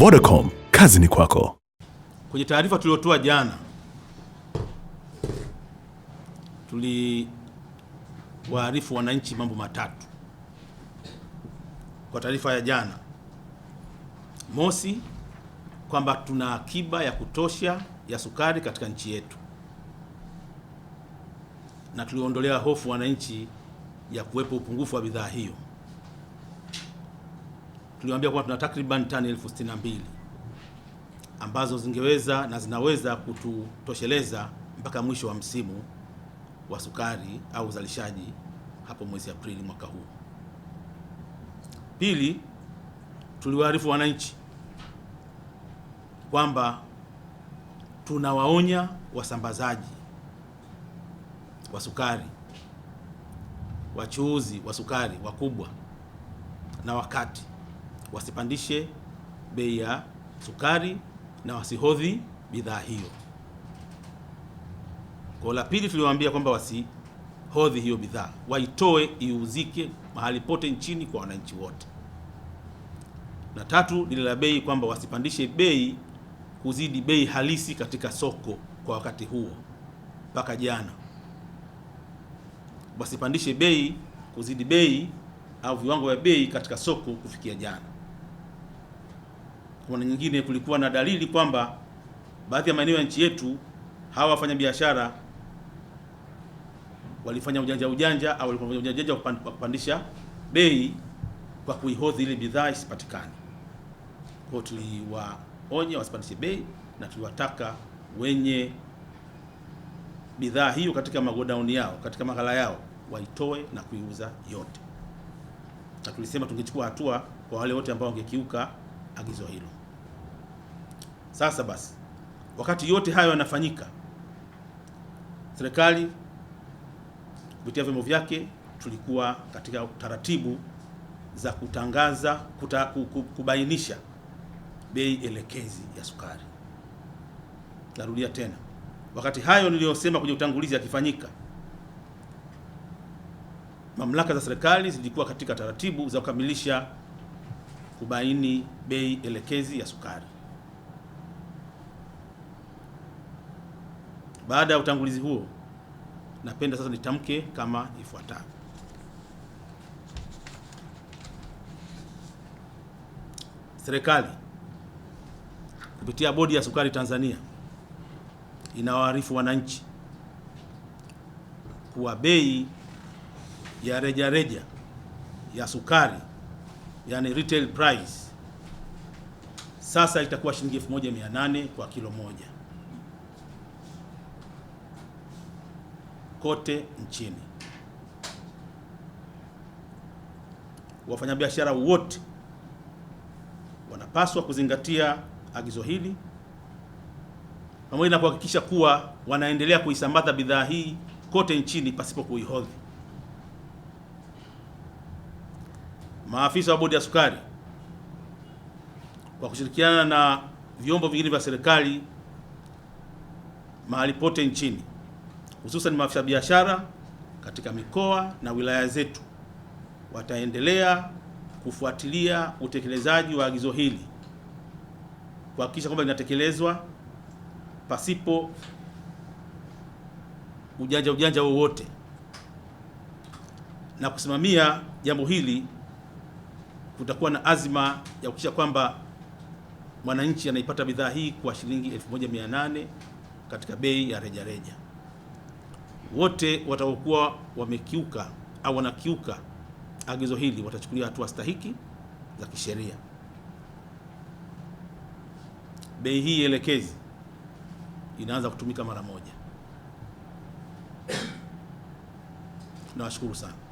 Vodacom, kazi ni kwako. Kwenye taarifa tuliyotoa jana, tuliwaarifu wananchi mambo matatu kwa taarifa ya jana. Mosi, kwamba tuna akiba ya kutosha ya sukari katika nchi yetu na tuliondolea hofu wananchi ya kuwepo upungufu wa bidhaa hiyo tuliwaambia kwamba tuna takriban tani elfu sitini na mbili ambazo zingeweza na zinaweza kututosheleza mpaka mwisho wa msimu wa sukari au uzalishaji hapo mwezi Aprili mwaka huu. Pili, tuliwaarifu wananchi kwamba tunawaonya wasambazaji wa sukari, wachuuzi wa sukari wakubwa na wakati wasipandishe bei ya sukari na wasihodhi bidhaa hiyo. Kwa la pili tuliwaambia kwamba wasihodhi hiyo bidhaa, waitoe iuzike mahali pote nchini kwa wananchi wote. Na tatu lile la bei kwamba wasipandishe bei kuzidi bei halisi katika soko kwa wakati huo mpaka jana, wasipandishe bei kuzidi bei au viwango vya bei katika soko kufikia jana kwa nyingine, kulikuwa na dalili kwamba baadhi ya maeneo ya nchi yetu hawa wafanyabiashara walifanya ujanja ujanja au walifanya ujanja ujanja wa kupandisha bei kwa kuihodhi ile bidhaa isipatikane. Kwa hiyo tuliwaonya wasipandishe bei na tuliwataka wenye bidhaa hiyo katika magodauni yao katika maghala yao waitoe na kuiuza yote, na tulisema tungechukua hatua kwa wale wote ambao wangekiuka agizo hilo. Sasa basi, wakati yote hayo yanafanyika, serikali kupitia vyombo vyake tulikuwa katika taratibu za kutangaza kuta, kubainisha bei elekezi ya sukari. Narudia tena, wakati hayo niliyosema kwenye utangulizi yakifanyika, mamlaka za serikali zilikuwa katika taratibu za kukamilisha kubaini bei elekezi ya sukari. Baada ya utangulizi huo, napenda sasa nitamke kama ifuatavyo. Serikali kupitia Bodi ya Sukari Tanzania inawaarifu wananchi kuwa bei ya rejareja reja ya sukari yani retail price sasa itakuwa shilingi 1800 kwa kilo moja. kote nchini. Wafanyabiashara wote wanapaswa kuzingatia agizo hili pamoja na kuhakikisha kuwa wanaendelea kuisambaza bidhaa hii kote nchini pasipo kuihodhi. Maafisa wa bodi ya sukari kwa kushirikiana na vyombo vingine vya serikali mahali pote nchini hususan maafisa biashara katika mikoa na wilaya zetu wataendelea kufuatilia utekelezaji wa agizo hili kuhakikisha kwamba linatekelezwa pasipo ujanja ujanja wowote na kusimamia jambo hili. Kutakuwa na azima ya kuhakikisha kwamba mwananchi anaipata bidhaa hii kwa shilingi 1800 katika bei ya rejareja wote watakokuwa wamekiuka au wanakiuka agizo hili watachukulia hatua stahiki za kisheria. Bei hii elekezi inaanza kutumika mara moja. Nawashukuru sana.